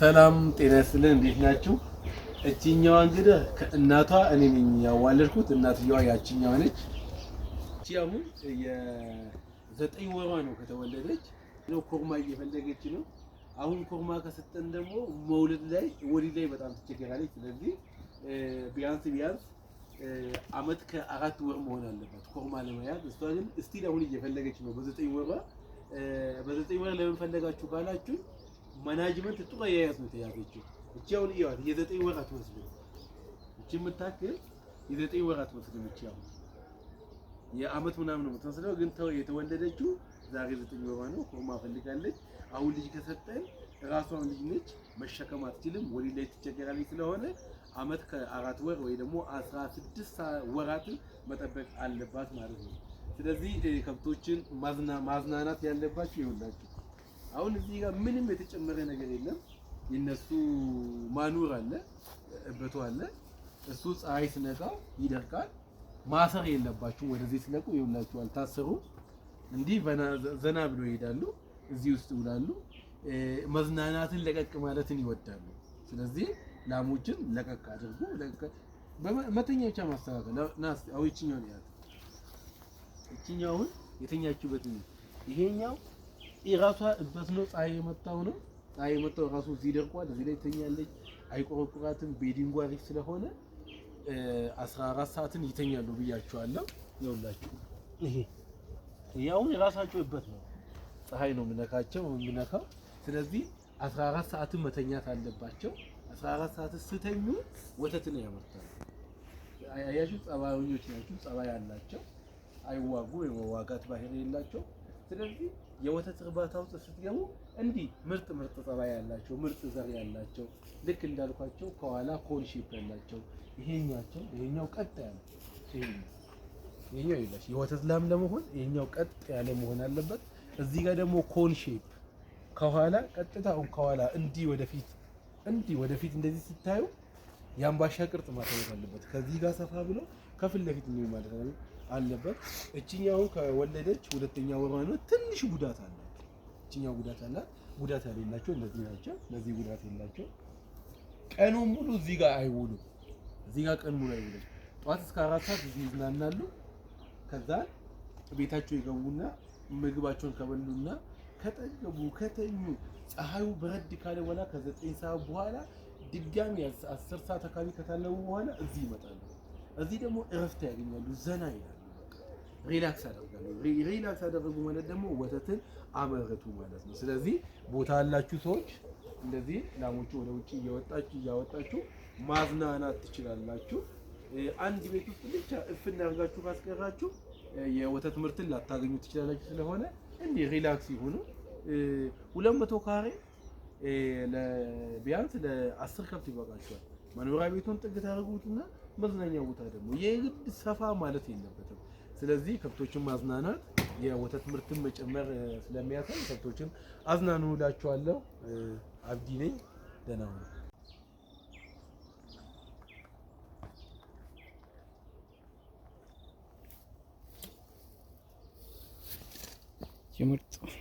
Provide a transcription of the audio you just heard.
ሰላም ጤና ይስጥልን። እንዴት ናችሁ? እችኛዋ እንግዲህ ከእናቷ እኔ ነኝ ያዋለድኩት። እናትየዋ ያቺኛዋ ነች። እቺ አሁን የዘጠኝ ወሯ ነው ከተወለደች ነው ኮርማ እየፈለገች ነው። አሁን ኮርማ ከሰጠን ደግሞ መውለድ ላይ ወሊድ ላይ በጣም ትቸገራለች። ስለዚህ ቢያንስ ቢያንስ አመት ከአራት ወር መሆን አለባት ኮርማ ለመያዝ። እሷ ግን እስቲል አሁን እየፈለገች ነው በዘጠኝ ወሯ። በዘጠኝ ወር ለምን ፈለጋችሁ ካላችሁ ማናጅመንት ጥሩ አያያዝ ነው የተያዘችው። እቺ አሁን እያዋት የዘጠኝ ወራት መስሎኝ እቺ የምታክል የዘጠኝ ወራት መስሎኝ እቺ አሁን የአመት ምናምን ነው የምትመስለው፣ ግን ተው የተወለደችው ዛሬ ዘጠኝ ወሯ ነው። ኮማ ፈልጋለች። አሁን ልጅ ከሰጠን ራሷን ልጅ ነች፣ መሸከም አትችልም፣ ወሊድ ላይ ትቸገራለች። ስለሆነ አመት ከአራት ወር ወይ ደግሞ አስራ ስድስት ወራትን መጠበቅ አለባት ማለት ነው። ስለዚህ ከብቶችን ማዝናናት ያለባችሁ ይሁንላችሁ። አሁን እዚህ ጋር ምንም የተጨመረ ነገር የለም። የነሱ ማኑር አለ፣ እበቱ አለ። እሱ ፀሐይ ስነካው ይደርቃል። ማሰር የለባችሁም። ወደዚህ ስለቁ ይውላችሁ አልታሰሩም። እንዲህ ዘና ብሎ ይሄዳሉ፣ እዚህ ውስጥ ይውላሉ። መዝናናትን ለቀቅ ማለትን ይወዳሉ። ስለዚህ ላሞችን ለቀቅ አድርጉ። መተኛ ብቻ ማስተካከል ናስ አሁን ይችኛውን ያዝ፣ ይችኛውን የተኛችሁበት ይሄኛው የራሷ እበት ነው። ፀሐይ የመጣው ነው። ፀሐይ የመጣው ራሱ እዚህ ደርቋል። እዚህ ላይ ትተኛለች፣ አይቆረቁራትም። ቤዲንጉ አሪፍ ስለሆነ 14 ሰዓትን ይተኛሉ ብያቸዋለሁ። ይኸውላችሁ ይሄ ያው የራሳቸው እበት ነው። ፀሐይ ነው የምነካቸው የምነካው። ስለዚህ 14 ሰዓትን መተኛት አለባቸው። 14 ሰዓት ስተኙ ወተት ነው ያመርታሉ። አያችሁ፣ ፀባዮኞች ናቸው፣ ፀባይ አላቸው። አይዋጉ የመዋጋት ባህሪ የላቸው ስለዚህ የወተት እርባታ ውስጥ ስትገቡ እንዲህ ምርጥ ምርጥ ጸባይ ያላቸው ምርጥ ዘር ያላቸው ልክ እንዳልኳቸው ከኋላ ኮን ሼፕ ያላቸው ይሄኛቸው ይሄኛው ቀጥ ያለ ይሄኛው ይላሽ የወተት ላም ለመሆን ይሄኛው ቀጥ ያለ መሆን አለበት። እዚህ ጋር ደግሞ ኮን ሼፕ ከኋላ ቀጥታውን ከኋላ እንዲህ ወደፊት እንዲህ ወደፊት እንደዚህ ስታዩ የአምባሻ ቅርጽ ማሳየት አለበት። ከዚህ ጋር ሰፋ ብሎ ከፊት ለፊት ነው ማለት አለበት። እችኛው ከወለደች ሁለተኛ ወሯ ነው። ትንሽ ጉዳት አለ። እችኛው ጉዳት አለ። ጉዳት ያሌላቸው እንደዚህ ናቸው። ለዚህ ጉዳት የላቸው። ቀኑን ሙሉ እዚህ ጋር አይውሉም። እዚህ ጋር ቀኑን ሙሉ አይውሉም። ጠዋት እስከ አራት ሰዓት እዚህ ይዝናናሉ። ከዛ ቤታቸው ይገቡና ምግባቸውን ከበሉና ከጠገቡ ከተኙ ፀሐዩ በረድ ካለ በኋላ ከዘጠኝ ሰዓት በኋላ ድጋሚ አስር ሰዓት አካባቢ ከታለሙ በኋላ እዚህ ይመጣሉ። እዚህ ደግሞ እረፍት ያገኛሉ፣ ዘና ይላሉ፣ ሪላክስ ያደርጋሉ። ሪላክስ ያደረጉ ማለት ደግሞ ወተትን አመረቱ ማለት ነው። ስለዚህ ቦታ ያላችሁ ሰዎች እንደዚህ ላሞቹ ወደ ውጭ እያወጣችሁ እያወጣችሁ ማዝናናት ትችላላችሁ። አንድ ቤት ውስጥ ብቻ እፍን ያርጋችሁ ካስቀራችሁ የወተት ምርትን ላታገኙ ትችላላችሁ። ስለሆነ እንዲህ ሪላክስ ይሁኑ። ሁለት መቶ ካሬ ቢያንስ ለአስር ከብት ይበቃቸዋል። መኖሪያ ቤቱን ጥግ ታደርጉትና መዝናኛ ቦታ ደግሞ የግድ ሰፋ ማለት የለበትም። ስለዚህ ከብቶችን ማዝናናት የወተት ምርትን መጨመር ስለሚያሳይ ከብቶችን አዝናኑ እላችኋለሁ። አብዲ ነኝ። ደህና ሁኑ። የምርጥ